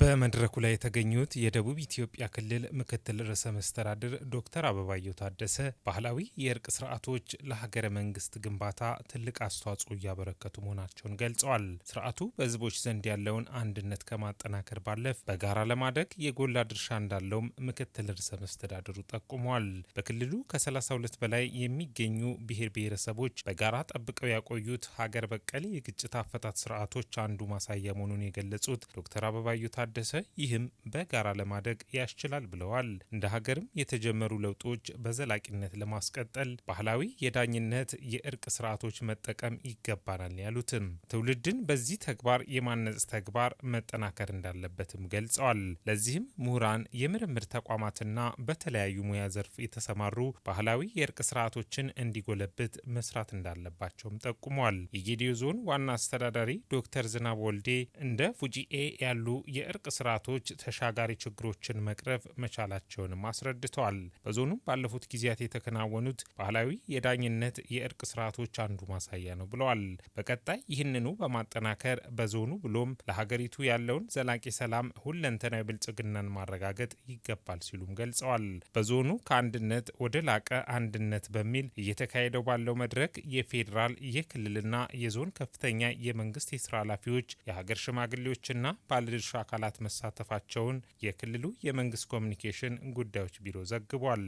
በመድረኩ ላይ የተገኙት የደቡብ ኢትዮጵያ ክልል ምክትል ርዕሰ መስተዳድር ዶክተር አበባየው ታደሰ ባህላዊ የእርቅ ስርዓቶች ለሀገረ መንግስት ግንባታ ትልቅ አስተዋጽኦ እያበረከቱ መሆናቸውን ገልጸዋል። ስርዓቱ በህዝቦች ዘንድ ያለውን አንድነት ከማጠናከር ባለፍ በጋራ ለማደግ የጎላ ድርሻ እንዳለውም ምክትል ርዕሰ መስተዳድሩ ጠቁመዋል። በክልሉ ከ32 በላይ የሚገኙ ብሔር ብሔረሰቦች በጋራ ጠብቀው ያቆዩት ሀገር በቀል የግጭት አፈታት ስርዓቶች አንዱ ማሳያ መሆኑን የገለጹት ዶክተር አበባየሁ ታደሰ ይህም በጋራ ለማደግ ያስችላል ብለዋል። እንደ ሀገርም የተጀመሩ ለውጦች በዘላቂነት ለማስቀጠል ባህላዊ የዳኝነት የእርቅ ስርዓቶች መጠቀም ይገባናል ያሉትም ትውልድን በዚህ ተግባር የማነጽ ተግባር መጠናከር እንዳለበትም ገልጸዋል። ለዚህም ምሁራን፣ የምርምር ተቋማትና በተለያዩ ሙያ ዘርፍ የተሰማሩ ባህላዊ የእርቅ ስርዓቶችን እንዲጎለብት መስራት እንዳለባቸውም ጠቁመዋል። የጌዲዮ ዞን ዋና አስተዳዳሪ ዶክተር ዝናብ ወልዴ እንደ ፉጂኤ ያሉ የእርቅ ስርዓቶች ተሻጋሪ ችግሮችን መቅረፍ መቻላቸውንም አስረድተዋል። በዞኑም ባለፉት ጊዜያት የተከናወኑት ባህላዊ የዳኝነት የእርቅ ስርዓቶች አንዱ ማሳያ ነው ብለዋል። በቀጣይ ይህንኑ በማጠናከር በዞኑ ብሎም ለሀገሪቱ ያለውን ዘላቂ ሰላም ሁለንተናዊ ብልጽግናን ማረጋገጥ ይገባል ሲሉም ገልጸዋል። በዞኑ ከአንድነት ወደ ላቀ አንድነት በሚል እየተካሄደው ባለው መድረክ የፌዴራል የክልልና የዞን ከፍተኛ የመንግስት የስራ ኃላፊዎች፣ የሀገር ሽማግሌዎችና ባለድርሻ አካላት መሳተፋቸውን የክልሉ የመንግስት ኮሚኒኬሽን ጉዳዮች ቢሮ ዘግቧል።